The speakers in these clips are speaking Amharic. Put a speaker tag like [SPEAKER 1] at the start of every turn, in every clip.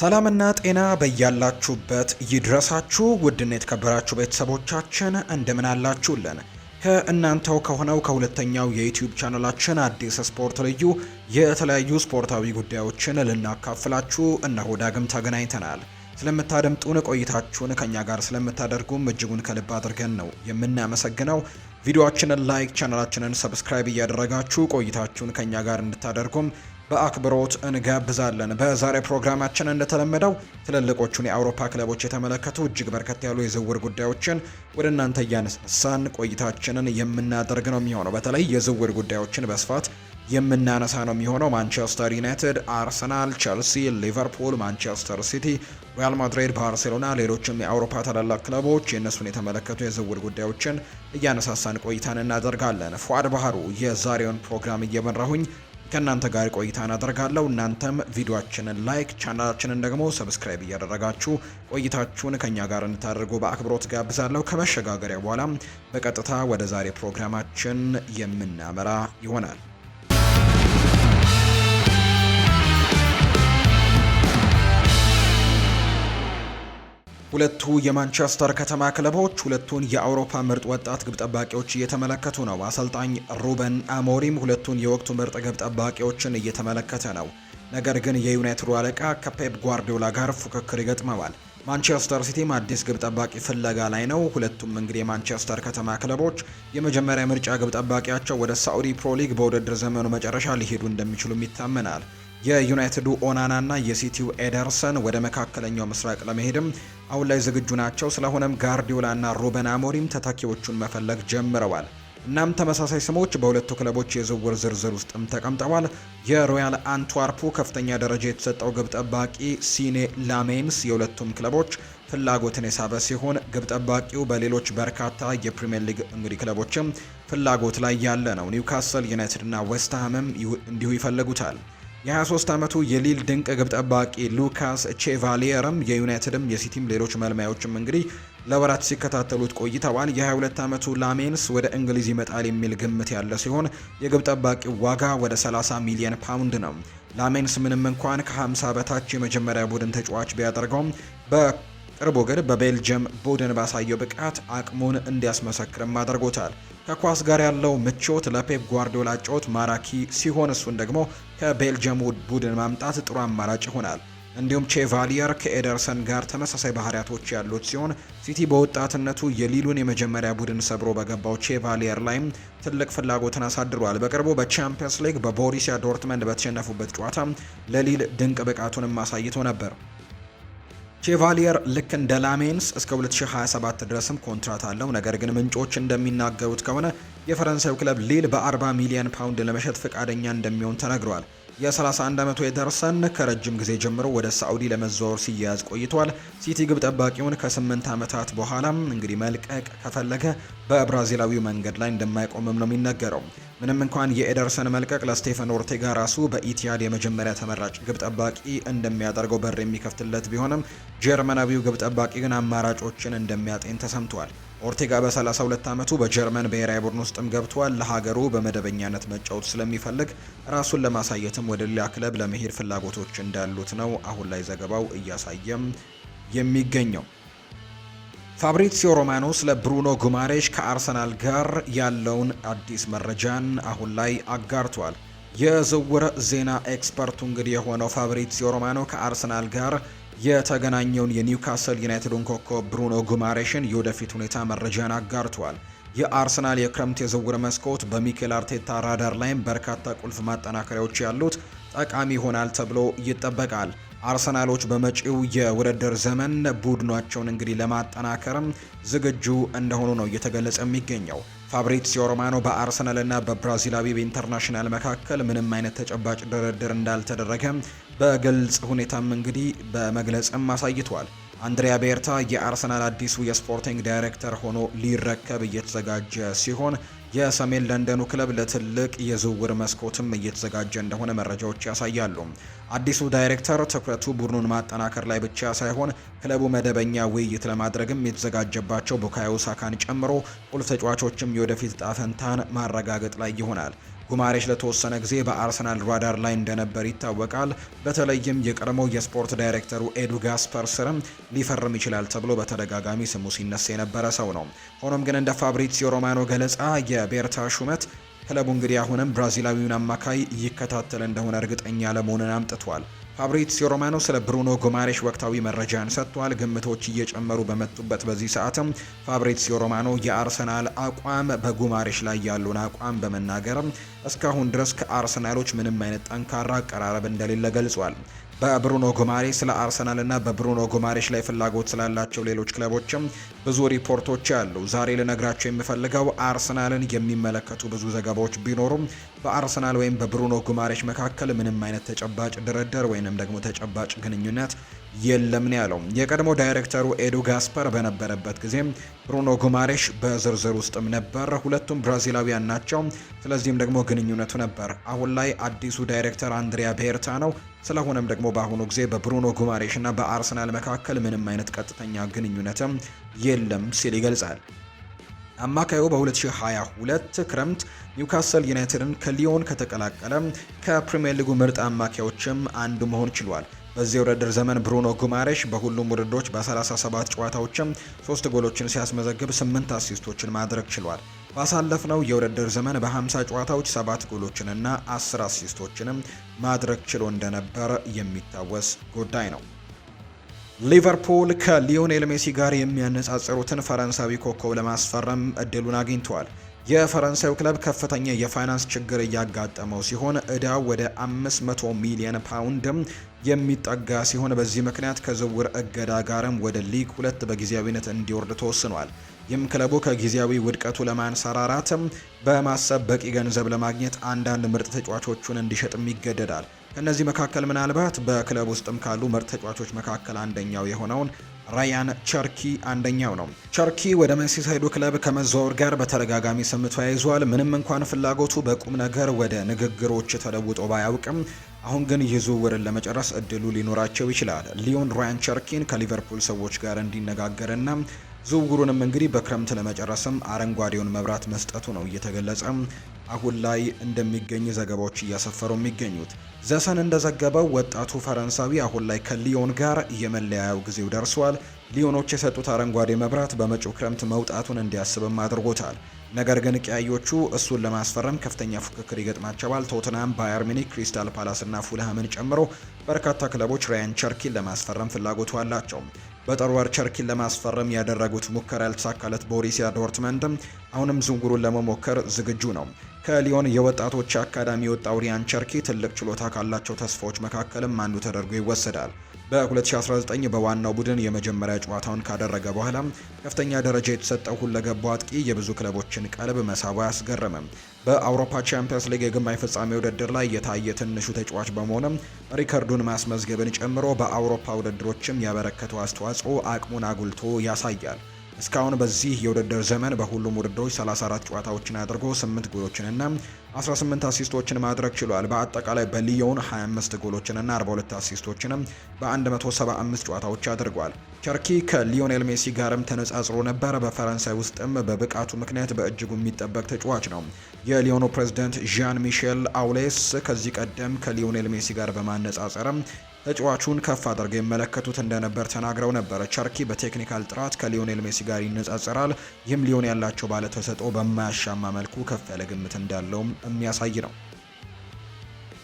[SPEAKER 1] ሰላምና ጤና በያላችሁበት ይድረሳችሁ። ውድን የተከበራችሁ ቤተሰቦቻችን እንደምን አላችሁልን? ከእናንተው ከሆነው ከሁለተኛው የዩትዩብ ቻናላችን አዲስ ስፖርት ልዩ የተለያዩ ስፖርታዊ ጉዳዮችን ልናካፍላችሁ እነሆ ዳግም ተገናኝተናል። ስለምታደምጡን ቆይታችሁን ከኛ ጋር ስለምታደርጉም እጅጉን ከልብ አድርገን ነው የምናመሰግነው። ቪዲዮችንን ላይክ፣ ቻናላችንን ሰብስክራይብ እያደረጋችሁ ቆይታችሁን ከኛ ጋር እንድታደርጉም በአክብሮት እንጋብዛለን። በዛሬ ፕሮግራማችን እንደተለመደው ትልልቆቹን የአውሮፓ ክለቦች የተመለከቱ እጅግ በርከት ያሉ የዝውውር ጉዳዮችን ወደ እናንተ እያነሳሳን ቆይታችንን የምናደርግ ነው የሚሆነው። በተለይ የዝውውር ጉዳዮችን በስፋት የምናነሳ ነው የሚሆነው። ማንቸስተር ዩናይትድ፣ አርሰናል፣ ቸልሲ፣ ሊቨርፑል፣ ማንቸስተር ሲቲ፣ ሪያል ማድሪድ፣ ባርሴሎና፣ ሌሎችም የአውሮፓ ታላላቅ ክለቦች የእነሱን የተመለከቱ የዝውውር ጉዳዮችን እያነሳሳን ቆይታን እናደርጋለን። ፏድ ባህሩ የዛሬውን ፕሮግራም እየመራሁኝ ከእናንተ ጋር ቆይታን አደርጋለሁ። እናንተም ቪዲዮችንን ላይክ፣ ቻናላችንን ደግሞ ሰብስክራይብ እያደረጋችሁ ቆይታችሁን ከእኛ ጋር እንድታደርጉ በአክብሮት ጋብዛለሁ። ከመሸጋገሪያ በኋላ በቀጥታ ወደ ዛሬ ፕሮግራማችን የምናመራ ይሆናል። ሁለቱ የማንቸስተር ከተማ ክለቦች ሁለቱን የአውሮፓ ምርጥ ወጣት ግብ ጠባቂዎች እየተመለከቱ ነው። አሰልጣኝ ሩበን አሞሪም ሁለቱን የወቅቱ ምርጥ ግብ ጠባቂዎችን እየተመለከተ ነው። ነገር ግን የዩናይትዱ አለቃ ከፔፕ ጓርዲዮላ ጋር ፉክክር ይገጥመዋል። ማንቸስተር ሲቲም አዲስ ግብ ጠባቂ ፍለጋ ላይ ነው። ሁለቱም እንግዲህ የማንቸስተር ከተማ ክለቦች የመጀመሪያ ምርጫ ግብ ጠባቂያቸው ወደ ሳዑዲ ፕሮ ሊግ በውድድር ዘመኑ መጨረሻ ሊሄዱ እንደሚችሉም ይታመናል። የዩናይትዱ ኦናና እና የሲቲው ኤደርሰን ወደ መካከለኛው ምስራቅ ለመሄድም አሁን ላይ ዝግጁ ናቸው። ስለሆነም እና ሩበን አሞሪም ተተኪዎቹን መፈለግ ጀምረዋል። እናም ተመሳሳይ ስሞች በሁለቱ ክለቦች የዝውውር ዝርዝር ውስጥም ተቀምጠዋል። የሮያል አንትዋርፑ ከፍተኛ ደረጃ የተሰጠው ግብ ጠባቂ ሲኔ ላሜንስ የሁለቱም ክለቦች ፍላጎትን የሳበ ሲሆን ግብ ጠባቂው በሌሎች በርካታ የፕሪምየር ሊግ እንግዲህ ክለቦችም ፍላጎት ላይ ያለ ነው። ኒውካስል ዩናይትድ እና ዌስትሃምም እንዲሁ ይፈልጉታል። የ23 ዓመቱ የሊል ድንቅ ግብ ጠባቂ ሉካስ ቼቫሊየርም የዩናይትድም የሲቲም ሌሎች መልማዮችም እንግዲህ ለወራት ሲከታተሉት ቆይተዋል። የ22 ዓመቱ ላሜንስ ወደ እንግሊዝ ይመጣል የሚል ግምት ያለ ሲሆን የግብ ጠባቂ ዋጋ ወደ 30 ሚሊዮን ፓውንድ ነው። ላሜንስ ምንም እንኳን ከ50 በታች የመጀመሪያ ቡድን ተጫዋች ቢያደርገውም በቅርቡ ግን በቤልጅየም ቡድን ባሳየው ብቃት አቅሙን እንዲያስመሰክርም አድርጎታል። ከኳስ ጋር ያለው ምቾት ለፔፕ ጓርዲዮላ ጨዋታ ማራኪ ሲሆን እሱን ደግሞ ከቤልጅየም ቡድን ማምጣት ጥሩ አማራጭ ይሆናል። እንዲሁም ቼቫሊየር ከኤደርሰን ጋር ተመሳሳይ ባህሪያቶች ያሉት ሲሆን ሲቲ በወጣትነቱ የሊሉን የመጀመሪያ ቡድን ሰብሮ በገባው ቼቫሊየር ላይም ትልቅ ፍላጎትን አሳድሯል። በቅርቡ በቻምፒየንስ ሊግ በቦሪሲያ ዶርትመንድ በተሸነፉበት ጨዋታ ለሊል ድንቅ ብቃቱንም አሳይቶ ነበር። ቼቫሊየር ልክ እንደ ላሜንስ እስከ 2027 ድረስም ኮንትራት አለው። ነገር ግን ምንጮች እንደሚናገሩት ከሆነ የፈረንሳዩ ክለብ ሊል በ40 ሚሊዮን ፓውንድ ለመሸጥ ፈቃደኛ እንደሚሆን ተነግሯል። የ31 ዓመቱ ኤደርሰን ከረጅም ጊዜ ጀምሮ ወደ ሳዑዲ ለመዘዋወር ሲያያዝ ቆይቷል። ሲቲ ግብ ጠባቂውን ከ8 ዓመታት በኋላም እንግዲህ መልቀቅ ከፈለገ በብራዚላዊው መንገድ ላይ እንደማይቆምም ነው የሚነገረው። ምንም እንኳን የኤደርሰን መልቀቅ ለስቴፈን ኦርቴጋ ራሱ በኢቲያድ የመጀመሪያ ተመራጭ ግብ ጠባቂ እንደሚያደርገው በር የሚከፍትለት ቢሆንም ጀርመናዊው ግብ ጠባቂ ግን አማራጮችን እንደሚያጤን ተሰምቷል። ኦርቴጋ በ32 ዓመቱ በጀርመን ብሔራዊ ቡድን ውስጥም ገብቷል። ለሀገሩ በመደበኛነት መጫወት ስለሚፈልግ ራሱን ለማሳየትም ወደ ሌላ ክለብ ለመሄድ ፍላጎቶች እንዳሉት ነው አሁን ላይ ዘገባው እያሳየም የሚገኘው። ፋብሪሲዮ ሮማኖ ስለ ብሩኖ ጉማሬሽ ከአርሰናል ጋር ያለውን አዲስ መረጃን አሁን ላይ አጋርቷል። የዝውውር ዜና ኤክስፐርቱ እንግዲህ የሆነው ፋብሪሲዮ ሮማኖ ከአርሰናል ጋር የተገናኘውን የኒውካስል ዩናይትድን ኮከብ ብሩኖ ጉማሬሽን የወደፊት ሁኔታ መረጃን አጋርቷል። የአርሰናል የክረምት የዝውውር መስኮት በሚኬል አርቴታ ራዳር ላይም በርካታ ቁልፍ ማጠናከሪያዎች ያሉት ጠቃሚ ይሆናል ተብሎ ይጠበቃል። አርሰናሎች በመጪው የውድድር ዘመን ቡድናቸውን እንግዲህ ለማጠናከርም ዝግጁ እንደሆኑ ነው እየተገለጸ የሚገኘው። ፋብሪዚዮ ሮማኖ በአርሰናልና በብራዚላዊ ኢንተርናሽናል መካከል ምንም አይነት ተጨባጭ ድርድር እንዳልተደረገ በግልጽ ሁኔታም እንግዲህ በመግለጽም አሳይቷል። አንድሪያ ቤርታ የአርሰናል አዲሱ የስፖርቲንግ ዳይሬክተር ሆኖ ሊረከብ እየተዘጋጀ ሲሆን የሰሜን ለንደኑ ክለብ ለትልቅ የዝውውር መስኮትም እየተዘጋጀ እንደሆነ መረጃዎች ያሳያሉ። አዲሱ ዳይሬክተር ትኩረቱ ቡድኑን ማጠናከር ላይ ብቻ ሳይሆን ክለቡ መደበኛ ውይይት ለማድረግም የተዘጋጀባቸው ቡካዮ ሳካን ጨምሮ ቁልፍ ተጫዋቾችም የወደፊት ጣፈንታን ማረጋገጥ ላይ ይሆናል። ጉማሬሽ ለተወሰነ ጊዜ በአርሰናል ራዳር ላይ እንደነበር ይታወቃል። በተለይም የቀድሞው የስፖርት ዳይሬክተሩ ኤዱ ጋስፐር ስርም ሊፈርም ይችላል ተብሎ በተደጋጋሚ ስሙ ሲነሳ የነበረ ሰው ነው። ሆኖም ግን እንደ ፋብሪዚዮ ሮማኖ ገለጻ የቤርታ ሹመት ክለቡ እንግዲህ አሁንም ብራዚላዊውን አማካይ ይከታተል እንደሆነ እርግጠኛ ለመሆንን አምጥቷል። ፋብሪዚዮ ሮማኖ ስለ ብሩኖ ጉማሬሽ ወቅታዊ መረጃን ሰጥቷል። ግምቶች እየጨመሩ በመጡበት በዚህ ሰዓትም ፋብሪዚዮ ሮማኖ የአርሰናል አቋም በጉማሬሽ ላይ ያሉን አቋም በመናገር እስካሁን ድረስ ከአርሰናሎች ምንም አይነት ጠንካራ አቀራረብ እንደሌለ ገልጿል። በብሩኖ ጉማሬሽ ስለ አርሰናልና በብሩኖ ጉማሬሽ ላይ ፍላጎት ስላላቸው ሌሎች ክለቦችም ብዙ ሪፖርቶች አሉ። ዛሬ ልነግራቸው የምፈልገው አርሰናልን የሚመለከቱ ብዙ ዘገባዎች ቢኖሩም በአርሰናል ወይም በብሩኖ ጉማሬሽ መካከል ምንም አይነት ተጨባጭ ድርድር ወይንም ደግሞ ተጨባጭ ግንኙነት የለም ነው ያለው። የቀድሞ ዳይሬክተሩ ኤዱ ጋስፐር በነበረበት ጊዜ ብሩኖ ጉማሬሽ በዝርዝር ውስጥም ነበር። ሁለቱም ብራዚላዊያን ናቸው። ስለዚህም ደግሞ ግንኙነቱ ነበር። አሁን ላይ አዲሱ ዳይሬክተር አንድሪያ ቤርታ ነው። ስለሆነም ደግሞ በአሁኑ ጊዜ በብሩኖ ጉማሬሽ እና በአርሰናል መካከል ምንም አይነት ቀጥተኛ ግንኙነትም የለም ሲል ይገልጻል። አማካዩ በ2022 ክረምት ኒውካስል ዩናይትድን ከሊዮን ከተቀላቀለ ከፕሪምየር ሊጉ ምርጥ አማካዮችም አንዱ መሆን ችሏል። በዚህ ውድድር ዘመን ብሩኖ ጉማሬሽ በሁሉም ውድድሮች በ37 ጨዋታዎችም ሶስት ጎሎችን ሲያስመዘግብ ስምንት አሲስቶችን ማድረግ ችሏል። ባሳለፍነው የውድድር ዘመን በ50 ጨዋታዎች ሰባት ጎሎችንና 10 አሲስቶችንም ማድረግ ችሎ እንደነበር የሚታወስ ጉዳይ ነው። ሊቨርፑል ከሊዮኔል ሜሲ ጋር የሚያነጻጽሩትን ፈረንሳዊ ኮከብ ለማስፈረም እድሉን አግኝተዋል። የፈረንሳዩ ክለብ ከፍተኛ የፋይናንስ ችግር እያጋጠመው ሲሆን እዳው ወደ 500 ሚሊዮን ፓውንድም የሚጠጋ ሲሆን በዚህ ምክንያት ከዝውውር እገዳ ጋርም ወደ ሊግ ሁለት በጊዜያዊነት እንዲወርድ ተወስኗል። ይህም ክለቡ ከጊዜያዊ ውድቀቱ ለማንሰራራትም በማሰብ በቂ ገንዘብ ለማግኘት አንዳንድ ምርጥ ተጫዋቾቹን እንዲሸጥም ይገደዳል። ከእነዚህ መካከል ምናልባት በክለብ ውስጥም ካሉ ምርጥ ተጫዋቾች መካከል አንደኛው የሆነውን ራያን ቸርኪ አንደኛው ነው። ቸርኪ ወደ መንሲሳይዱ ክለብ ከመዘዋወር ጋር በተደጋጋሚ ስም ተያይዟል። ምንም እንኳን ፍላጎቱ በቁም ነገር ወደ ንግግሮች ተለውጦ ባያውቅም አሁን ግን ይህ ዝውውርን ለመጨረስ እድሉ ሊኖራቸው ይችላል። ሊዮን ራያን ቸርኪን ከሊቨርፑል ሰዎች ጋር እንዲነጋገርና ዝውውሩንም እንግዲህ በክረምት ለመጨረስም አረንጓዴውን መብራት መስጠቱ ነው እየተገለጸ አሁን ላይ እንደሚገኝ ዘገባዎች እያሰፈሩ የሚገኙት። ዘሰን እንደዘገበው ወጣቱ ፈረንሳዊ አሁን ላይ ከሊዮን ጋር የመለያየው ጊዜው ደርሷል። ሊዮኖች የሰጡት አረንጓዴ መብራት በመጪው ክረምት መውጣቱን እንዲያስብም አድርጎታል። ነገር ግን ቀያዮቹ እሱን ለማስፈረም ከፍተኛ ፉክክር ይገጥማቸዋል። ቶትናም፣ ባየር ሚኒክ፣ ክሪስታል ፓላስ እና ፉልሃምን ጨምሮ በርካታ ክለቦች ራያን ቸርኪን ለማስፈረም ፍላጎቱ አላቸው። በጠሯር ቸርኪን ለማስፈረም ያደረጉት ሙከራ ያልተሳካለት ቦሪሲያ ዶርትመንድም አሁንም ዝውውሩን ለመሞከር ዝግጁ ነው። ከሊዮን የወጣቶች አካዳሚ የወጣው ሪያን ቸርኪ ትልቅ ችሎታ ካላቸው ተስፋዎች መካከልም አንዱ ተደርጎ ይወሰዳል። በ2019 በዋናው ቡድን የመጀመሪያ ጨዋታውን ካደረገ በኋላ ከፍተኛ ደረጃ የተሰጠው ሁለገባው አጥቂ የብዙ ክለቦችን ቀልብ መሳቡ አያስገርምም። በአውሮፓ ቻምፒየንስ ሊግ የግማሽ ፍጻሜ ውድድር ላይ የታየ ትንሹ ተጫዋች በመሆንም ሪከርዱን ማስመዝገብን ጨምሮ በአውሮፓ ውድድሮችም ያበረከተው አስተዋጽኦ አቅሙን አጉልቶ ያሳያል። እስካሁን በዚህ የውድድር ዘመን በሁሉም ውድድሮች 34 ጨዋታዎችን አድርጎ 8 ጎሎችንና 18 አሲስቶችን ማድረግ ችሏል። በአጠቃላይ በሊዮን 25 ጎሎችንና 42 አሲስቶችንም በ175 ጨዋታዎች አድርጓል። ቸርኪ ከሊዮኔል ሜሲ ጋርም ተነጻጽሮ ነበር። በፈረንሳይ ውስጥም በብቃቱ ምክንያት በእጅጉ የሚጠበቅ ተጫዋች ነው። የሊዮኑ ፕሬዝዳንት ዣን ሚሼል አውሌስ ከዚህ ቀደም ከሊዮኔል ሜሲ ጋር በማነጻጸርም ተጫዋቹን ከፍ አድርገው ይመለከቱት እንደነበር ተናግረው ነበር። ቸርኪ በቴክኒካል ጥራት ከሊዮኔል ሜሲ ጋር ይነጻጸራል። ይህም ሊዮን ያላቸው ባለተሰጥኦ በማያሻማ መልኩ ከፍ ያለ ግምት እንዳለውም የሚያሳይ ነው።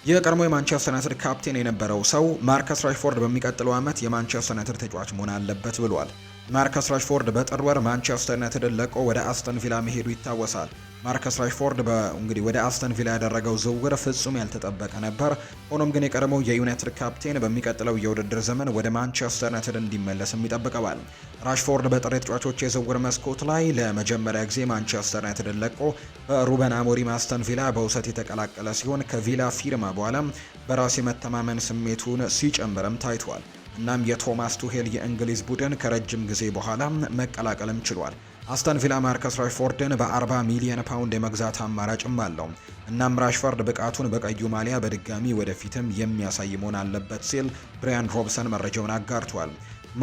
[SPEAKER 1] የቀድሞ የማንቸስተር ዩናይትድ ካፕቴን የነበረው ሰው ማርከስ ራሽፎርድ በሚቀጥለው ዓመት የማንቸስተር ዩናይትድ ተጫዋች መሆን አለበት ብሏል። ማርከስ ራሽፎርድ በጥር ወር ማንቸስተር ዩናይትድን ለቆ ወደ አስተን ቪላ መሄዱ ይታወሳል። ማርከስ ራሽፎርድ እንግዲህ ወደ አስተን ቪላ ያደረገው ዝውውር ፍጹም ያልተጠበቀ ነበር። ሆኖም ግን የቀድሞው የዩናይትድ ካፕቴን በሚቀጥለው የውድድር ዘመን ወደ ማንቸስተር ዩናይትድ እንዲመለስም ይጠብቀዋል። ራሽፎርድ በጥሬ ተጫዋቾች የዝውውር መስኮት ላይ ለመጀመሪያ ጊዜ ማንቸስተር ዩናይትድን ለቆ በሩበን አሞሪም አስተን ቪላ በውሰት የተቀላቀለ ሲሆን ከቪላ ፊርማ በኋላም በራስ የመተማመን ስሜቱን ሲጨምርም ታይቷል። እናም የቶማስ ቱሄል የእንግሊዝ ቡድን ከረጅም ጊዜ በኋላ መቀላቀልም ችሏል። አስተን ቪላ ማርከስ ራሽፎርድን በ40 ሚሊዮን ፓውንድ የመግዛት አማራጭም አለው። እናም ራሽፎርድ ብቃቱን በቀዩ ማሊያ በድጋሚ ወደፊትም የሚያሳይ መሆን አለበት ሲል ብሪያን ሮብሰን መረጃውን አጋርቷል።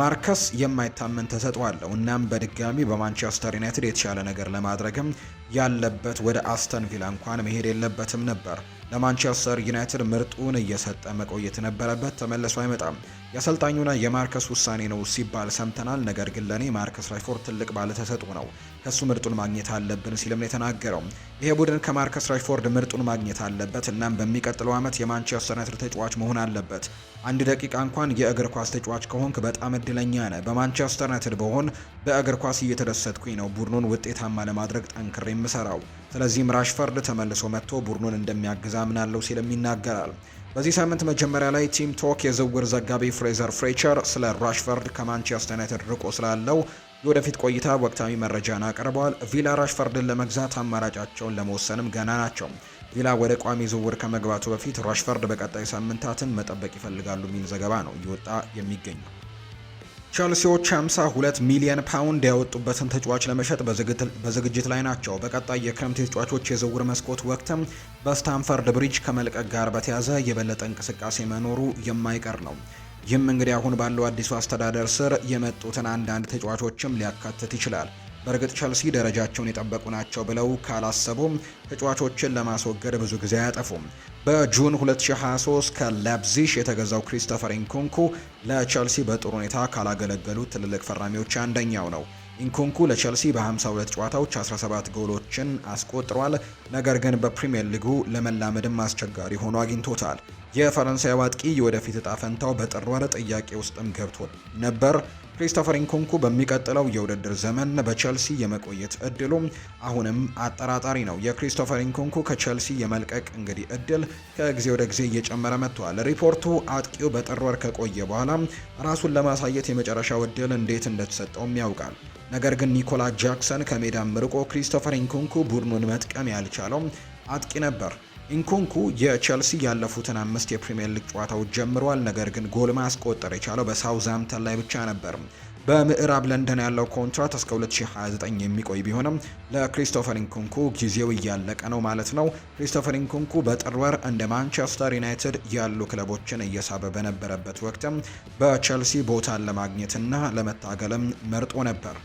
[SPEAKER 1] ማርከስ የማይታመን ተሰጥኦ አለው። እናም በድጋሚ በማንቸስተር ዩናይትድ የተሻለ ነገር ለማድረግም ያለበት ወደ አስተን ቪላ እንኳን መሄድ የለበትም ነበር። ለማንቸስተር ዩናይትድ ምርጡን እየሰጠ መቆየት ነበረበት። ተመልሶ አይመጣም። የአሰልጣኙና የማርከስ ውሳኔ ነው ሲባል ሰምተናል። ነገር ግን ለእኔ ማርከስ ራሽፎርድ ትልቅ ባለተሰጥኦ ነው። ከሱ ምርጡን ማግኘት አለብን ሲልም የተናገረው። ይሄ ቡድን ከማርከስ ራሽፎርድ ምርጡን ማግኘት አለበት። እናም በሚቀጥለው ዓመት የማንቸስተር ዩናይትድ ተጫዋች መሆን አለበት። አንድ ደቂቃ እንኳን የእግር ኳስ ተጫዋች ከሆንክ በጣም እድለኛ ነህ። በማንቸስተር ዩናይትድ በሆን በእግር ኳስ እየተደሰትኩኝ ነው። ቡድኑን ውጤታማ ለማድረግ ጠንክሬ የምሰራው። ስለዚህም ራሽፈርድ ተመልሶ መጥቶ ቡድኑን እንደሚያግዝ አምናለሁ ሲልም ይናገራል። በዚህ ሳምንት መጀመሪያ ላይ ቲም ቶክ የዝውውር ዘጋቢ ፍሬዘር ፍሬቸር ስለ ራሽፎርድ ከማንቸስተር ዩናይትድ ርቆ ስላለው የወደፊት ቆይታ ወቅታዊ መረጃን አቅርበዋል። ቪላ ራሽፈርድን ለመግዛት አማራጫቸውን ለመወሰንም ገና ናቸው። ቪላ ወደ ቋሚ ዝውውር ከመግባቱ በፊት ራሽፈርድ በቀጣይ ሳምንታትን መጠበቅ ይፈልጋሉ የሚል ዘገባ ነው እየወጣ የሚገኙ። ቸልሲዎች 52 ሚሊየን ፓውንድ ያወጡበትን ተጫዋች ለመሸጥ በዝግጅት ላይ ናቸው። በቀጣይ የክረምት ተጫዋቾች የዝውውር መስኮት ወቅትም በስታንፈርድ ብሪጅ ከመልቀቅ ጋር በተያያዘ የበለጠ እንቅስቃሴ መኖሩ የማይቀር ነው። ይህም እንግዲህ አሁን ባለው አዲሱ አስተዳደር ስር የመጡትን አንዳንድ ተጫዋቾችም ሊያካትት ይችላል። በእርግጥ ቸልሲ ደረጃቸውን የጠበቁ ናቸው ብለው ካላሰቡም ተጫዋቾችን ለማስወገድ ብዙ ጊዜ አያጠፉም። በጁን 2023 ከላፕዚሽ የተገዛው ክሪስቶፈር ኢንኩንኩ ለቸልሲ በጥሩ ሁኔታ ካላገለገሉት ትልልቅ ፈራሚዎች አንደኛው ነው። ኢንኩንኩ ለቼልሲ በ52 ጨዋታዎች 17 ጎሎችን አስቆጥሯል። ነገር ግን በፕሪምየር ሊጉ ለመላመድም አስቸጋሪ ሆኖ አግኝቶታል። የፈረንሳይ አጥቂ የወደፊት እጣ ፈንታው በጥር ወር ጥያቄ ውስጥም ገብቶ ነበር። ክሪስቶፈር ኢንኩንኩ በሚቀጥለው የውድድር ዘመን በቼልሲ የመቆየት እድሉ አሁንም አጠራጣሪ ነው። የክሪስቶፈር ኢንኩንኩ ከቼልሲ የመልቀቅ እንግዲህ እድል ከጊዜ ወደ ጊዜ እየጨመረ መጥቷል። ሪፖርቱ አጥቂው በጥር ወር ከቆየ በኋላ ራሱን ለማሳየት የመጨረሻው እድል እንዴት እንደተሰጠውም ያውቃል። ነገር ግን ኒኮላ ጃክሰን ከሜዳም ርቆ ክሪስቶፈር ኢንኩንኩ ቡድኑን መጥቀም ያልቻለው አጥቂ ነበር። ኢንኩንኩ የቼልሲ ያለፉትን አምስት የፕሪምየር ሊግ ጨዋታዎች ጀምሯል። ነገር ግን ጎል ማስቆጠር የቻለው በሳውዛምተን ላይ ብቻ ነበር። በምዕራብ ለንደን ያለው ኮንትራት እስከ 2029 የሚቆይ ቢሆንም ለክሪስቶፈር ኢንኩንኩ ጊዜው እያለቀ ነው ማለት ነው። ክሪስቶፈር ኢንኩንኩ በጥር ወር እንደ ማንቸስተር ዩናይትድ ያሉ ክለቦችን እየሳበ በነበረበት ወቅትም በቼልሲ ቦታን ለማግኘትና ለመታገልም መርጦ ነበር።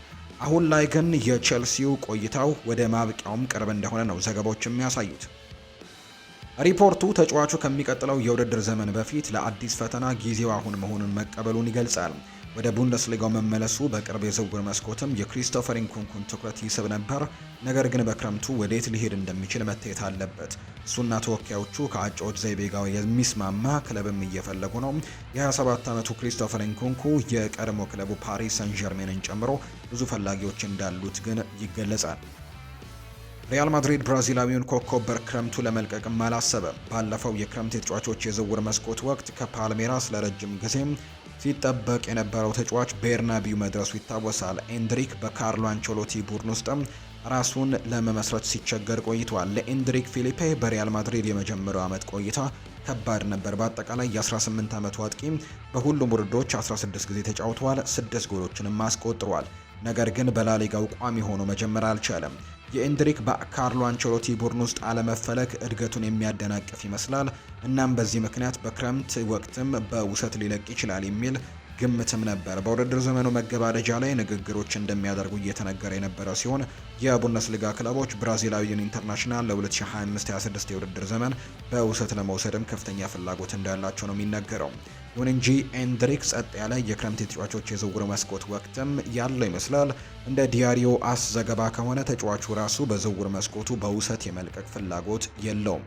[SPEAKER 1] አሁን ላይ ግን የቼልሲው ቆይታው ወደ ማብቂያውም ቅርብ እንደሆነ ነው ዘገባዎች የሚያሳዩት። ሪፖርቱ ተጫዋቹ ከሚቀጥለው የውድድር ዘመን በፊት ለአዲስ ፈተና ጊዜው አሁን መሆኑን መቀበሉን ይገልጻል። ወደ ቡንደስሊጋው መመለሱ በቅርብ የዝውውር መስኮትም የክሪስቶፈር ኢንኩንኩን ትኩረት ይስብ ነበር። ነገር ግን በክረምቱ ወዴት ሊሄድ እንደሚችል መታየት አለበት። እሱና ተወካዮቹ ከአጫዎች ዘይቤ ጋር የሚስማማ ክለብም እየፈለጉ ነው። የ27 ዓመቱ ክሪስቶፈር ኢንኩንኩ የቀድሞ ክለቡ ፓሪስ ሰን ጀርሜንን ጨምሮ ብዙ ፈላጊዎች እንዳሉት ግን ይገለጻል። ሪያል ማድሪድ ብራዚላዊውን ኮከብ በክረምቱ ለመልቀቅም አላሰበም። ባለፈው የክረምት የተጫዋቾች የዝውውር መስኮት ወቅት ከፓልሜራስ ለረጅም ጊዜም ሲጠበቅ የነበረው ተጫዋች ቤርናቢው መድረሱ ይታወሳል። ኤንድሪክ በካርሎ አንቸሎቲ ቡድን ውስጥም ራሱን ለመመስረት ሲቸገር ቆይቷል። ለኤንድሪክ ፊሊፔ በሪያል ማድሪድ የመጀመሪያው ዓመት ቆይታ ከባድ ነበር። በአጠቃላይ የ18 ዓመቱ አጥቂ በሁሉም ውድድሮች 16 ጊዜ ተጫውተዋል፣ 6 ጎሎችንም አስቆጥሯል። ነገር ግን በላሊጋው ቋሚ ሆኖ መጀመር አልቻለም። የኤንድሪክ በካርሎ አንቸሎቲ ቡድን ውስጥ አለመፈለግ እድገቱን የሚያደናቅፍ ይመስላል። እናም በዚህ ምክንያት በክረምት ወቅትም በውሰት ሊለቅ ይችላል የሚል ግምትም ነበር። በውድድር ዘመኑ መገባደጃ ላይ ንግግሮች እንደሚያደርጉ እየተነገረ የነበረ ሲሆን የቡንደስሊጋ ክለቦች ብራዚላዊን ኢንተርናሽናል ለ2025/26 የውድድር ዘመን በውሰት ለመውሰድም ከፍተኛ ፍላጎት እንዳላቸው ነው የሚነገረው። ይሁን እንጂ ኤንድሪክ ጸጥ ያለ የክረምት ተጫዋቾች የዝውውር መስኮት ወቅትም ያለው ይመስላል። እንደ ዲያሪዮ አስ ዘገባ ከሆነ ተጫዋቹ ራሱ በዝውውር መስኮቱ በውሰት የመልቀቅ ፍላጎት የለውም።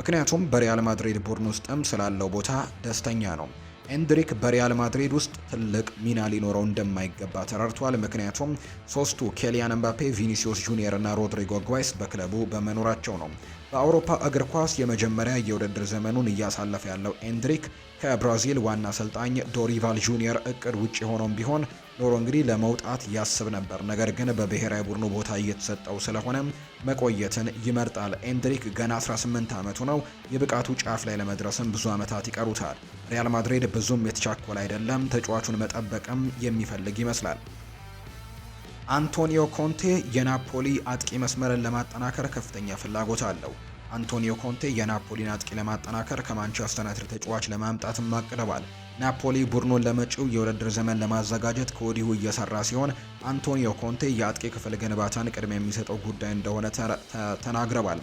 [SPEAKER 1] ምክንያቱም በሪያል ማድሪድ ቡድን ውስጥም ስላለው ቦታ ደስተኛ ነው። ኤንድሪክ በሪያል ማድሪድ ውስጥ ትልቅ ሚና ሊኖረው እንደማይገባ ተረድቷል። ምክንያቱም ሶስቱ ኬሊያን ምባፔ፣ ቪኒሲዮስ ጁኒየር እና ሮድሪጎ ጓይስ በክለቡ በመኖራቸው ነው። በአውሮፓ እግር ኳስ የመጀመሪያ የውድድር ዘመኑን እያሳለፈ ያለው ኤንድሪክ ከብራዚል ዋና አሰልጣኝ ዶሪቫል ጁኒየር እቅድ ውጭ ሆኖም ቢሆን ኖሮ እንግዲህ ለመውጣት ያስብ ነበር። ነገር ግን በብሔራዊ ቡድኑ ቦታ እየተሰጠው ስለሆነ መቆየትን ይመርጣል። ኤንድሪክ ገና 18 ዓመቱ ነው። የብቃቱ ጫፍ ላይ ለመድረስም ብዙ ዓመታት ይቀሩታል። ሪያል ማድሪድ ብዙም የተቻኮል አይደለም። ተጫዋቹን መጠበቅም የሚፈልግ ይመስላል። አንቶኒዮ ኮንቴ የናፖሊ አጥቂ መስመርን ለማጠናከር ከፍተኛ ፍላጎት አለው። አንቶኒዮ ኮንቴ የናፖሊን አጥቂ ለማጠናከር ከማንቸስተር ዩናይትድ ተጫዋች ለማምጣትም አቅደዋል። ናፖሊ ቡድኑን ለመጪው የውድድር ዘመን ለማዘጋጀት ከወዲሁ እየሰራ ሲሆን አንቶኒዮ ኮንቴ የአጥቂ ክፍል ግንባታን ቅድሚያ የሚሰጠው ጉዳይ እንደሆነ ተናግረዋል።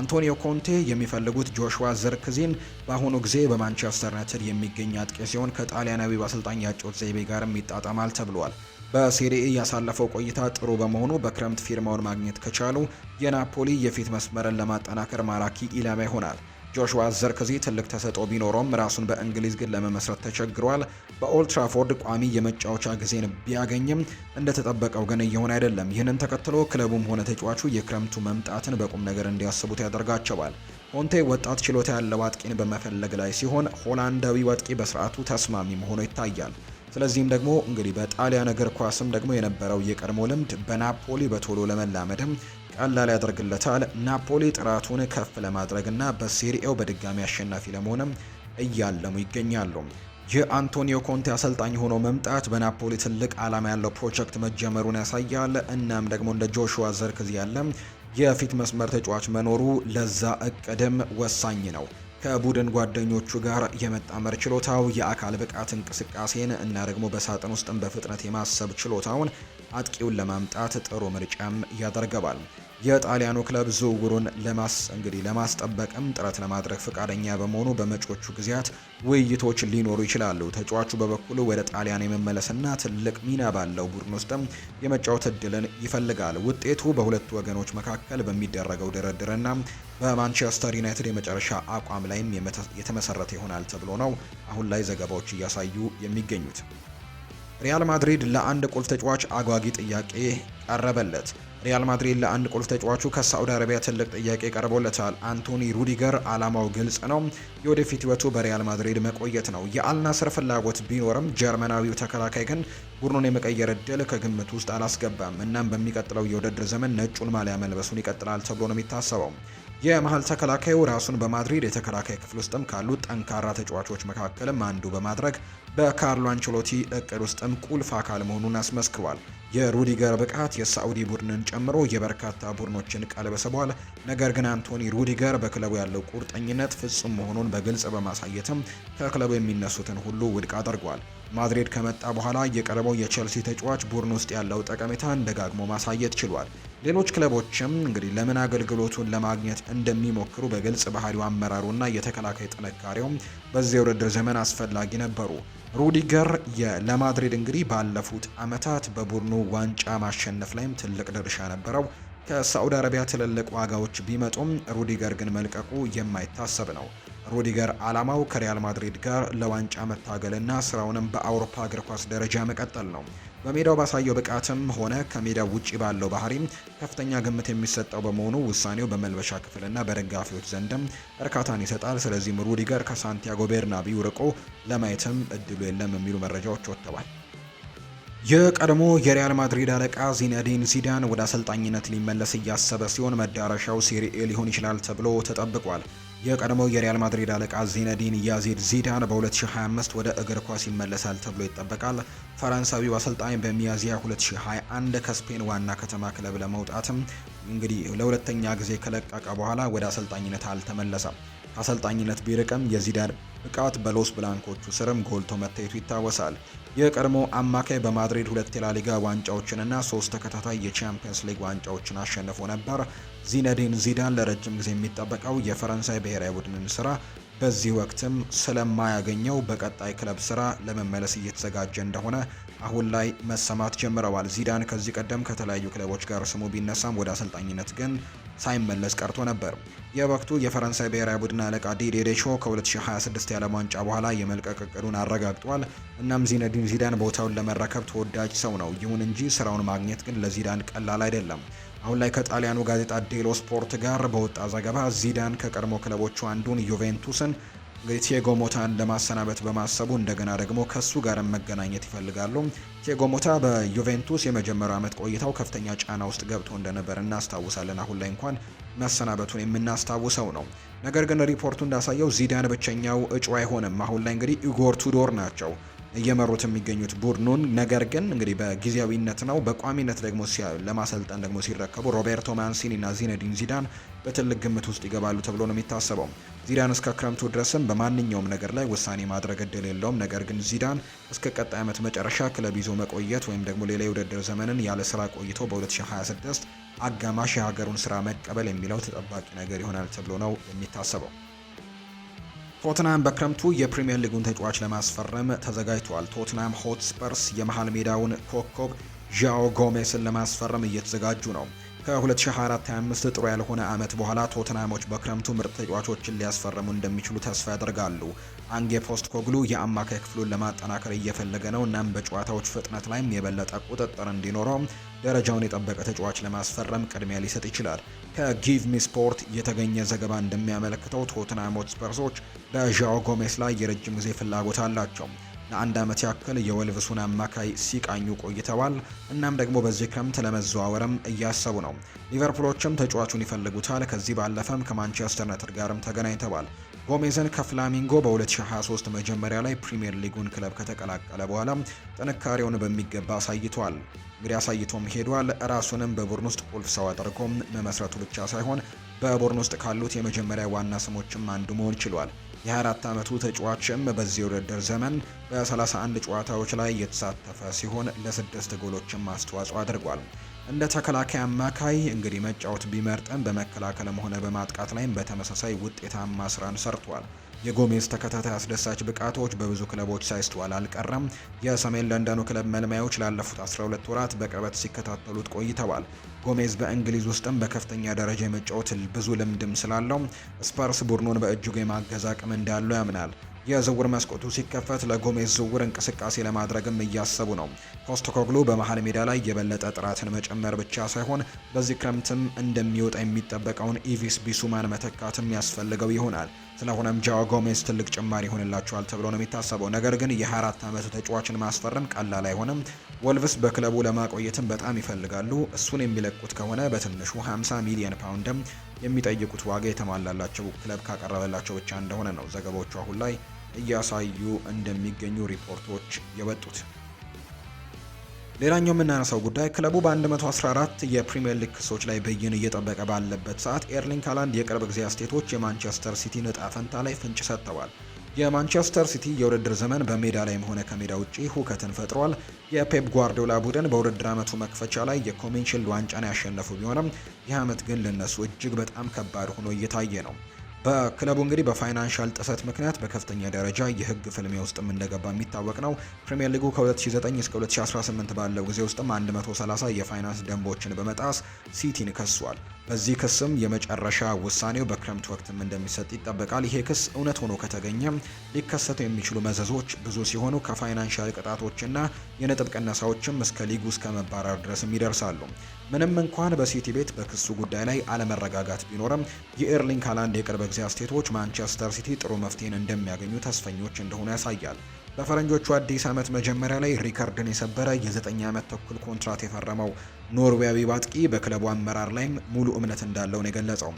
[SPEAKER 1] አንቶኒዮ ኮንቴ የሚፈልጉት ጆሽዋ ዘርክዚን በአሁኑ ጊዜ በማንቸስተር ዩናይትድ የሚገኝ አጥቂ ሲሆን ከጣሊያናዊ አሰልጣኝ ያጮት ዘይቤ ጋርም ይጣጠማል ተብሏል። በሴሪኤ ያሳለፈው ቆይታ ጥሩ በመሆኑ በክረምት ፊርማውን ማግኘት ከቻሉ የናፖሊ የፊት መስመርን ለማጠናከር ማራኪ ኢላማ ይሆናል። ጆሹዋ ዘርክዚ ትልቅ ተሰጥኦ ቢኖረውም ራሱን በእንግሊዝ ግን ለመመስረት ተቸግሯል። በኦልትራፎርድ ቋሚ የመጫወቻ ጊዜን ቢያገኝም እንደተጠበቀው ግን እየሆነ አይደለም። ይህንን ተከትሎ ክለቡም ሆነ ተጫዋቹ የክረምቱ መምጣትን በቁም ነገር እንዲያስቡት ያደርጋቸዋል። ኮንቴ ወጣት ችሎታ ያለው አጥቂን በመፈለግ ላይ ሲሆን፣ ሆላንዳዊ ወጥቂ በስርዓቱ ተስማሚ መሆኑ ይታያል። ስለዚህም ደግሞ እንግዲህ በጣሊያን እግር ኳስም ደግሞ የነበረው የቀድሞ ልምድ በናፖሊ በቶሎ ለመላመድም ቀላል ያደርግለታል። ናፖሊ ጥራቱን ከፍ ለማድረግና በሴሪኤው በድጋሚ አሸናፊ ለመሆንም እያለሙ ይገኛሉ። የአንቶኒዮ ኮንቴ አሰልጣኝ ሆኖ መምጣት በናፖሊ ትልቅ ዓላማ ያለው ፕሮጀክት መጀመሩን ያሳያል። እናም ደግሞ እንደ ጆሹዋ ዘርክዝ ያለ የፊት መስመር ተጫዋች መኖሩ ለዛ እቅድም ወሳኝ ነው። ከቡድን ጓደኞቹ ጋር የመጣመር ችሎታው፣ የአካል ብቃት እንቅስቃሴን እና ደግሞ በሳጥን ውስጥም በፍጥነት የማሰብ ችሎታውን አጥቂውን ለማምጣት ጥሩ ምርጫም ያደርገዋል። የጣሊያኑ ክለብ ዝውውሩን ለማስ እንግዲህ ለማስጠበቅም ጥረት ለማድረግ ፈቃደኛ በመሆኑ በመጪዎቹ ጊዜያት ውይይቶች ሊኖሩ ይችላሉ። ተጫዋቹ በበኩሉ ወደ ጣሊያን የመመለስና ትልቅ ሚና ባለው ቡድን ውስጥም የመጫወት እድልን ይፈልጋል። ውጤቱ በሁለቱ ወገኖች መካከል በሚደረገው ድርድርና በማንቸስተር ዩናይትድ የመጨረሻ አቋም ላይም የተመሰረተ ይሆናል ተብሎ ነው አሁን ላይ ዘገባዎች እያሳዩ የሚገኙት። ሪያል ማድሪድ ለአንድ ቁልፍ ተጫዋች አጓጊ ጥያቄ ቀረበለት። ሪያል ማድሪድ ለአንድ ቁልፍ ተጫዋቹ ከሳዑዲ አረቢያ ትልቅ ጥያቄ ቀርቦለታል። አንቶኒ ሩዲገር ዓላማው ግልጽ ነው፣ የወደፊት ሕይወቱ በሪያል ማድሪድ መቆየት ነው። የአልናስር ፍላጎት ቢኖርም ጀርመናዊው ተከላካይ ግን ቡድኑን የመቀየር እድል ከግምት ውስጥ አላስገባም። እናም በሚቀጥለው የውድድር ዘመን ነጩን ማሊያ መልበሱን ይቀጥላል ተብሎ ነው የሚታሰበው። የመሀል ተከላካዩ ራሱን በማድሪድ የተከላካይ ክፍል ውስጥም ካሉ ጠንካራ ተጫዋቾች መካከልም አንዱ በማድረግ በካርሎ አንቸሎቲ እቅድ ውስጥም ቁልፍ አካል መሆኑን አስመስክሯል። የሩዲገር ብቃት የሳዑዲ ቡድንን ጨምሮ የበርካታ ቡድኖችን ቀልብ ስቧል። ነገር ግን አንቶኒ ሩዲገር በክለቡ ያለው ቁርጠኝነት ፍጹም መሆኑን በግልጽ በማሳየትም ከክለቡ የሚነሱትን ሁሉ ውድቅ አድርጓል። ማድሪድ ከመጣ በኋላ የቀረበው የቼልሲ ተጫዋች ቡድን ውስጥ ያለው ጠቀሜታን ደጋግሞ ማሳየት ችሏል። ሌሎች ክለቦችም እንግዲህ ለምን አገልግሎቱን ለማግኘት እንደሚሞክሩ በግልጽ ባህሪው አመራሩና የተከላካይ ጥንካሬውም በዚህ የውድድር ዘመን አስፈላጊ ነበሩ። ሩዲገር ለማድሪድ እንግዲህ ባለፉት ዓመታት በቡድኑ ዋንጫ ማሸነፍ ላይም ትልቅ ድርሻ ነበረው። ከሳዑዲ አረቢያ ትልልቅ ዋጋዎች ቢመጡም ሩዲገር ግን መልቀቁ የማይታሰብ ነው። ሩዲገር ዓላማው ከሪያል ማድሪድ ጋር ለዋንጫ መታገልና ስራውንም በአውሮፓ እግር ኳስ ደረጃ መቀጠል ነው። በሜዳው ባሳየው ብቃትም ሆነ ከሜዳው ውጪ ባለው ባህሪም ከፍተኛ ግምት የሚሰጠው በመሆኑ ውሳኔው በመልበሻ ክፍልና በደጋፊዎች ዘንድም እርካታን ይሰጣል። ስለዚህም ሩዲገር ከሳንቲያጎ ቤርናቢው ርቆ ለማየትም እድሉ የለም የሚሉ መረጃዎች ወጥተዋል። የቀድሞ የሪያል ማድሪድ አለቃ ዚነዲን ሲዳን ወደ አሰልጣኝነት ሊመለስ እያሰበ ሲሆን መዳረሻው ሴሪኤ ሊሆን ይችላል ተብሎ ተጠብቋል። የቀድሞው የሪያል ማድሪድ አለቃ ዚነዲን ያዚድ ዚዳን በ2025 ወደ እግር ኳስ ይመለሳል ተብሎ ይጠበቃል። ፈረንሳዊው አሰልጣኝ በሚያዝያ 2021 ከስፔን ዋና ከተማ ክለብ ለመውጣትም እንግዲህ ለሁለተኛ ጊዜ ከለቀቀ በኋላ ወደ አሰልጣኝነት አልተመለሰም። ከአሰልጣኝነት ቢርቅም የዚዳን ብቃት በሎስ ብላንኮቹ ስርም ጎልቶ መታየቱ ይታወሳል። የቀድሞ አማካይ በማድሪድ ሁለት የላሊጋ ዋንጫዎችንና ሶስት ተከታታይ የቻምፒየንስ ሊግ ዋንጫዎችን አሸንፎ ነበር። ዚነዲን ዚዳን ለረጅም ጊዜ የሚጠበቀው የፈረንሳይ ብሔራዊ ቡድንን ስራ በዚህ ወቅትም ስለማያገኘው በቀጣይ ክለብ ስራ ለመመለስ እየተዘጋጀ እንደሆነ አሁን ላይ መሰማት ጀምረዋል። ዚዳን ከዚህ ቀደም ከተለያዩ ክለቦች ጋር ስሙ ቢነሳም ወደ አሰልጣኝነት ግን ሳይመለስ ቀርቶ ነበር። የወቅቱ የፈረንሳይ ብሔራዊ ቡድን አለቃ ዲዲዬ ዴሾ ከ2026 የዓለም ዋንጫ በኋላ የመልቀቅ እቅዱን አረጋግጧል። እናም ዚነዲን ዚዳን ቦታውን ለመረከብ ተወዳጅ ሰው ነው። ይሁን እንጂ ስራውን ማግኘት ግን ለዚዳን ቀላል አይደለም። አሁን ላይ ከጣሊያኑ ጋዜጣ ዴሎ ስፖርት ጋር በወጣ ዘገባ ዚዳን ከቀድሞ ክለቦቹ አንዱን ዩቬንቱስን እንግዲህ ቲያጎ ሞታን ለማሰናበት በማሰቡ እንደገና ደግሞ ከሱ ጋር መገናኘት ይፈልጋሉ። ቲያጎ ሞታ በዩቬንቱስ የመጀመሪያ ዓመት ቆይታው ከፍተኛ ጫና ውስጥ ገብቶ እንደነበር እናስታውሳለን። አሁን ላይ እንኳን መሰናበቱን የምናስታውሰው ነው። ነገር ግን ሪፖርቱ እንዳሳየው ዚዳን ብቸኛው እጩ አይሆንም። አሁን ላይ እንግዲህ ኢጎር ቱዶር ናቸው እየመሩት የሚገኙት ቡድኑን። ነገር ግን እንግዲህ በጊዜያዊነት ነው። በቋሚነት ደግሞ ለማሰልጠን ደግሞ ሲረከቡ ሮቤርቶ ማንሲኒ እና ዚነዲን ዚዳን በትልቅ ግምት ውስጥ ይገባሉ ተብሎ ነው የሚታሰበው። ዚዳን እስከ ክረምቱ ድረስም በማንኛውም ነገር ላይ ውሳኔ ማድረግ እድል የለውም። ነገር ግን ዚዳን እስከ ቀጣይ ዓመት መጨረሻ ክለብ ይዞ መቆየት ወይም ደግሞ ሌላ የውድድር ዘመንን ያለ ስራ ቆይቶ በ2026 አጋማሽ የሀገሩን ስራ መቀበል የሚለው ተጠባቂ ነገር ይሆናል ተብሎ ነው የሚታሰበው። ቶትናም በክረምቱ የፕሪምየር ሊጉን ተጫዋች ለማስፈረም ተዘጋጅቷል። ቶትናም ሆትስፐርስ የመሃል ሜዳውን ኮከብ ዣኦ ጎሜስን ለማስፈረም እየተዘጋጁ ነው። ከ2024/25 ጥሩ ያልሆነ ዓመት በኋላ ቶትናሞች በክረምቱ ምርጥ ተጫዋቾችን ሊያስፈርሙ እንደሚችሉ ተስፋ ያደርጋሉ። አንጌ ፖስት ኮግሉ የአማካይ ክፍሉን ለማጠናከር እየፈለገ ነው። እናም በጨዋታዎች ፍጥነት ላይም የበለጠ ቁጥጥር እንዲኖረው ደረጃውን የጠበቀ ተጫዋች ለማስፈረም ቅድሚያ ሊሰጥ ይችላል። ከጊቭ ሚ ስፖርት የተገኘ ዘገባ እንደሚያመለክተው ቶትናሞች ስፐርሶች በዣኦ ጎሜስ ላይ የረጅም ጊዜ ፍላጎት አላቸው። ለአንድ ዓመት ያክል የወልቭሱን አማካይ ሲቃኙ ቆይተዋል። እናም ደግሞ በዚህ ክረምት ለመዘዋወርም እያሰቡ ነው። ሊቨርፑሎችም ተጫዋቹን ይፈልጉታል። ከዚህ ባለፈም ከማንቸስተር ዩናይትድ ጋርም ተገናኝተዋል። ጎሜዝን ከፍላሚንጎ በ2023 መጀመሪያ ላይ ፕሪምየር ሊጉን ክለብ ከተቀላቀለ በኋላ ጥንካሬውን በሚገባ አሳይቷል። እንግዲህ አሳይቶም ሄዷል። ራሱንም በቡድን ውስጥ ቁልፍ ሰው አድርጎም መመስረቱ ብቻ ሳይሆን በቡድን ውስጥ ካሉት የመጀመሪያ ዋና ስሞችም አንዱ መሆን ችሏል። የ24 ዓመቱ ተጫዋችም በዚህ ውድድር ዘመን በ31 ጨዋታዎች ላይ የተሳተፈ ሲሆን ለስድስት ጎሎችም አስተዋጽኦ አድርጓል። እንደ ተከላካይ አማካይ እንግዲህ መጫወት ቢመርጥም በመከላከልም ሆነ በማጥቃት ላይም በተመሳሳይ ውጤታማ ስራን ሰርቷል። የጎሜዝ ተከታታይ አስደሳች ብቃቶች በብዙ ክለቦች ሳይስተዋል አልቀረም። የሰሜን ለንደኑ ክለብ መልማዮች ላለፉት 12 ወራት በቅርበት ሲከታተሉት ቆይተዋል። ጎሜዝ በእንግሊዝ ውስጥም በከፍተኛ ደረጃ የመጫወት ብዙ ልምድም ስላለው ስፐርስ ቡድኑን በእጅጉ የማገዝ አቅም እንዳለው ያምናል። የዝውውር መስኮቱ ሲከፈት ለጎሜዝ ዝውውር እንቅስቃሴ ለማድረግም እያሰቡ ነው። ፖስተኮግሉ በመሀል ሜዳ ላይ የበለጠ ጥራትን መጨመር ብቻ ሳይሆን በዚህ ክረምትም እንደሚወጣ የሚጠበቀውን ኢቪስ ቢሱማን መተካትም ያስፈልገው ይሆናል። ስለሆነም ጃዋ ጎሜዝ ትልቅ ጭማሪ ይሆንላቸዋል ተብሎ ነው የሚታሰበው። ነገር ግን የ24 ዓመቱ ተጫዋችን ማስፈረም ቀላል አይሆንም። ወልቭስ በክለቡ ለማቆየትም በጣም ይፈልጋሉ። እሱን የሚለቁት ከሆነ በትንሹ 50 ሚሊዮን ፓውንድም የሚጠይቁት ዋጋ የተሟላላቸው ክለብ ካቀረበላቸው ብቻ እንደሆነ ነው ዘገባዎቹ አሁን ላይ እያሳዩ እንደሚገኙ ሪፖርቶች የወጡት። ሌላኛው የምናነሳው ጉዳይ ክለቡ በ114 የፕሪምየር ሊግ ክሶች ላይ ብይን እየጠበቀ ባለበት ሰዓት ኤርሊንግ ሃላንድ የቅርብ ጊዜ አስቴቶች የማንቸስተር ሲቲ እጣ ፈንታ ላይ ፍንጭ ሰጥተዋል። የማንቸስተር ሲቲ የውድድር ዘመን በሜዳ ላይም ሆነ ከሜዳ ውጪ ሁከትን ፈጥሯል። የፔፕ ጓርዲዮላ ቡድን በውድድር ዓመቱ መክፈቻ ላይ የኮሜንሽል ዋንጫን ያሸነፉ ቢሆንም ይህ ዓመት ግን ለነሱ እጅግ በጣም ከባድ ሆኖ እየታየ ነው። በክለቡ እንግዲህ በፋይናንሻል ጥሰት ምክንያት በከፍተኛ ደረጃ የህግ ፍልሚያ ውስጥም እንደገባ የሚታወቅ ነው። ፕሪምየር ሊጉ ከ2009 እስከ 2018 ባለው ጊዜ ውስጥም 130 የፋይናንስ ደንቦችን በመጣስ ሲቲን ከሷል። በዚህ ክስም የመጨረሻ ውሳኔው በክረምት ወቅትም እንደሚሰጥ ይጠበቃል። ይሄ ክስ እውነት ሆኖ ከተገኘ ሊከሰቱ የሚችሉ መዘዞች ብዙ ሲሆኑ ከፋይናንሻል ቅጣቶችና የነጥብ ቅነሳዎችም እስከ ሊጉ እስከ መባረር ድረስም ይደርሳሉ። ምንም እንኳን በሲቲ ቤት በክሱ ጉዳይ ላይ አለመረጋጋት ቢኖርም የኤርሊንግ ሃላንድ የቅርብ ጊዜ አስቴቶች ማንቸስተር ሲቲ ጥሩ መፍትሄን እንደሚያገኙ ተስፈኞች እንደሆኑ ያሳያል። በፈረንጆቹ አዲስ ዓመት መጀመሪያ ላይ ሪከርድን የሰበረ የዘጠኝ ዓመት ተኩል ኮንትራት የፈረመው ኖርዌያዊ ባጥቂ በክለቡ አመራር ላይም ሙሉ እምነት እንዳለውን የገለጸው።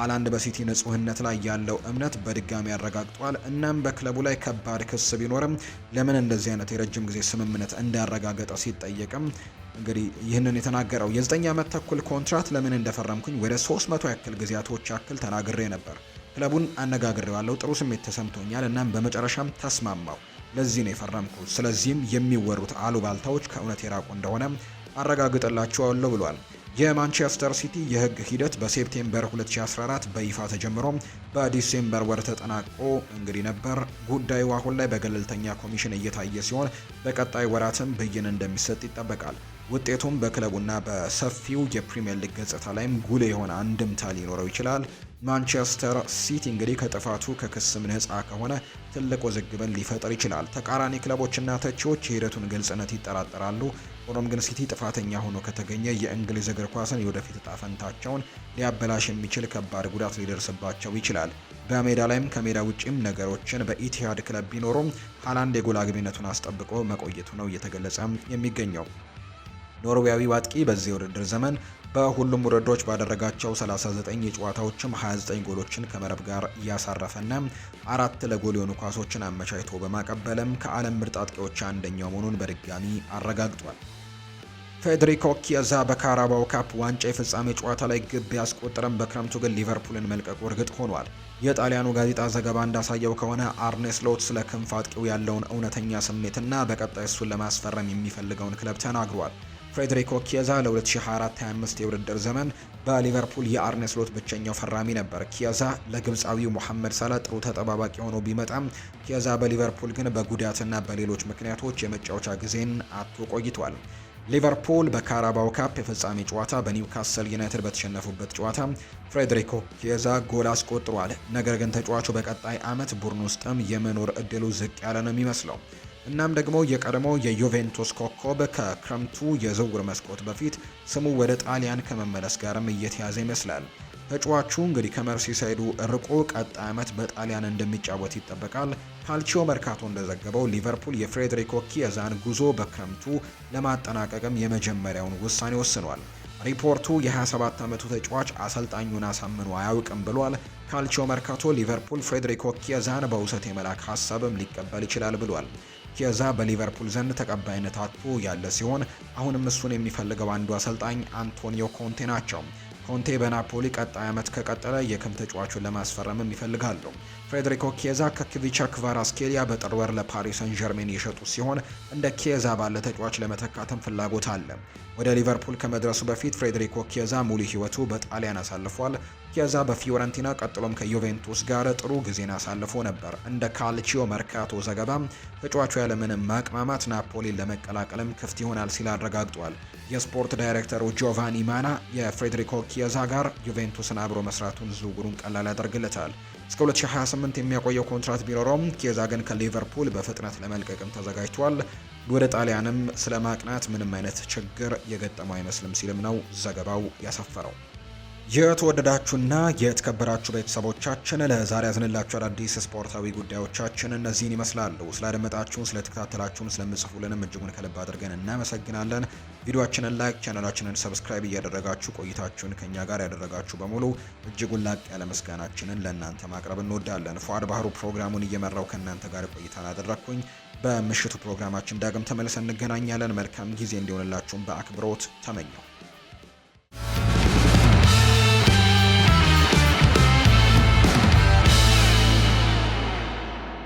[SPEAKER 1] ሃላንድ በሲቲ ንጹህነት ላይ ያለው እምነት በድጋሚ ያረጋግጧል። እናም በክለቡ ላይ ከባድ ክስ ቢኖርም ለምን እንደዚህ አይነት የረጅም ጊዜ ስምምነት እንዳረጋገጠ ሲጠየቅም እንግዲህ ይህንን የተናገረው የዘጠኝ ዓመት ተኩል ኮንትራት ለምን እንደፈረምኩኝ ወደ 300 ያክል ጊዜያቶች ያክል ተናግሬ ነበር። ክለቡን አነጋግሬዋለሁ። ጥሩ ስሜት ተሰምቶኛል። እናም በመጨረሻም ተስማማው። ለዚህ ነው የፈረምኩት። ስለዚህም የሚወሩት አሉባልታዎች ከእውነት የራቁ እንደሆነ አረጋግጥላችኋለሁ ብሏል። የማንቸስተር ሲቲ የህግ ሂደት በሴፕቴምበር 2014 በይፋ ተጀምሮ በዲሴምበር ወር ተጠናቆ እንግዲህ ነበር። ጉዳዩ አሁን ላይ በገለልተኛ ኮሚሽን እየታየ ሲሆን በቀጣይ ወራትም ብይን እንደሚሰጥ ይጠበቃል። ውጤቱም በክለቡና በሰፊው የፕሪምየር ሊግ ገጽታ ላይም ጉልህ የሆነ አንድምታ ሊኖረው ይችላል። ማንቸስተር ሲቲ እንግዲህ ከጥፋቱ ከክስም ነጻ ከሆነ ትልቅ ውዝግብን ሊፈጥር ይችላል። ተቃራኒ ክለቦችና ተቺዎች የሂደቱን ግልጽነት ይጠራጠራሉ። ሆኖም ግን ሲቲ ጥፋተኛ ሆኖ ከተገኘ የእንግሊዝ እግር ኳስን የወደፊት እጣ ፈንታቸውን ሊያበላሽ የሚችል ከባድ ጉዳት ሊደርስባቸው ይችላል። በሜዳ ላይም ከሜዳ ውጪም ነገሮችን በኢቲሃድ ክለብ ቢኖሩም ሀላንድ የጎል አግቢነቱን አስጠብቆ መቆየቱ ነው እየተገለጸ የሚገኘው። ኖርዌያዊው አጥቂ በዚህ ውድድር ዘመን በሁሉም ውድድሮች ባደረጋቸው 39 የጨዋታዎችም 29 ጎሎችን ከመረብ ጋር እያሳረፈና አራት ለጎል የሆኑ ኳሶችን አመቻችቶ በማቀበልም ከዓለም ምርጥ አጥቂዎች አንደኛው መሆኑን በድጋሚ አረጋግጧል። ፌዴሪኮ ኪያዛ በካራባው ካፕ ዋንጫ የፍጻሜ ጨዋታ ላይ ግብ ቢያስቆጥርም በክረምቱ ግን ሊቨርፑልን መልቀቁ እርግጥ ሆኗል። የጣሊያኑ ጋዜጣ ዘገባ እንዳሳየው ከሆነ አርኔስ ሎት ስለ ክንፍ አጥቂው ያለውን እውነተኛ ስሜትና በቀጣይ እሱን ለማስፈረም የሚፈልገውን ክለብ ተናግሯል። ፍሬድሪኮ ኪየዛ ለ2024/25 የውድድር ዘመን በሊቨርፑል የአርነ ስሎት ብቸኛው ፈራሚ ነበር። ኪየዛ ለግብፃዊው ሞሐመድ ሳላ ጥሩ ተጠባባቂ ሆኖ ቢመጣም ኪየዛ በሊቨርፑል ግን በጉዳትና በሌሎች ምክንያቶች የመጫወቻ ጊዜን አጥቶ ቆይቷል። ሊቨርፑል በካራባው ካፕ የፍጻሜ ጨዋታ በኒውካስል ዩናይትድ በተሸነፉበት ጨዋታ ፍሬድሪኮ ኪየዛ ጎል አስቆጥሯል። ነገር ግን ተጫዋቹ በቀጣይ ዓመት ቡድን ውስጥም የመኖር እድሉ ዝቅ ያለ ነው የሚመስለው። እናም ደግሞ የቀድሞው የዩቬንቱስ ኮከብ ከክረምቱ የዝውውር መስኮት በፊት ስሙ ወደ ጣሊያን ከመመለስ ጋርም እየተያዘ ይመስላል። ተጫዋቹ እንግዲህ ከመርሲሳይዱ ርቆ ቀጣይ ዓመት በጣሊያን እንደሚጫወት ይጠበቃል። ካልቺዮ መርካቶ እንደዘገበው ሊቨርፑል የፍሬድሪኮ ኪየዛን ጉዞ በክረምቱ ለማጠናቀቅም የመጀመሪያውን ውሳኔ ወስኗል። ሪፖርቱ የ27 ዓመቱ ተጫዋች አሰልጣኙን አሳምኖ አያውቅም ብሏል። ካልቺዮ መርካቶ ሊቨርፑል ፍሬድሪኮ ኪየዛን በውሰት የመላክ ሀሳብም ሊቀበል ይችላል ብሏል። ኬዛ በሊቨርፑል ዘንድ ተቀባይነት አጥቶ ያለ ሲሆን አሁንም እሱን የሚፈልገው አንዱ አሰልጣኝ አንቶኒዮ ኮንቴ ናቸው። ኮንቴ በናፖሊ ቀጣይ ዓመት ከቀጠለ የክም ተጫዋቹን ለማስፈረምም ይፈልጋሉ። ፌዴሪኮ ኬዛ ከኪቪቻ ክቫራስኬሊያ በጥር ወር ለፓሪስ ሰን ዠርሜን የሸጡ ሲሆን እንደ ኬዛ ባለ ተጫዋች ለመተካትም ፍላጎት አለ። ወደ ሊቨርፑል ከመድረሱ በፊት ፌዴሪኮ ኬዛ ሙሉ ሕይወቱ በጣሊያን አሳልፏል። ኬዛ በፊዮረንቲና ቀጥሎም ከዩቬንቱስ ጋር ጥሩ ጊዜን አሳልፎ ነበር። እንደ ካልቺዮ መርካቶ ዘገባ ተጫዋቹ ያለምንም ማቅማማት ናፖሊን ለመቀላቀልም ክፍት ይሆናል ሲል አረጋግጧል። የስፖርት ዳይሬክተሩ ጆቫኒ ማና የፌዴሪኮ ኬዛ ጋር ዩቬንቱስን አብሮ መስራቱን ዝውውሩን ቀላል ያደርግለታል። እስከ 2028 የሚያቆየው ኮንትራት ቢኖረውም ኬዛ ግን ከሊቨርፑል በፍጥነት ለመልቀቅም ተዘጋጅቷል። ወደ ጣሊያንም ስለ ማቅናት ምንም አይነት ችግር የገጠመው አይመስልም ሲልም ነው ዘገባው ያሰፈረው። የተወደዳችሁና የተከበራችሁ ቤተሰቦቻችን ለዛሬ ያዝንላችሁ አዳዲስ ስፖርታዊ ጉዳዮቻችን እነዚህን ይመስላሉ። ስላደመጣችሁን፣ ስለተከታተላችሁን፣ ስለምጽፉልንም እጅጉን ከልብ አድርገን እናመሰግናለን። ቪዲዮችንን ላይክ፣ ቻናላችንን ሰብስክራይብ እያደረጋችሁ ቆይታችሁን ከእኛ ጋር ያደረጋችሁ በሙሉ እጅጉን ላቅ ያለ ምስጋናችንን ለእናንተ ማቅረብ እንወዳለን። ፏድ ባህሩ ፕሮግራሙን እየመራው ከእናንተ ጋር ቆይታን አደረግኩኝ። በምሽቱ ፕሮግራማችን ዳግም ተመልሰን እንገናኛለን። መልካም ጊዜ እንዲሆንላችሁም በአክብሮት ተመኘው።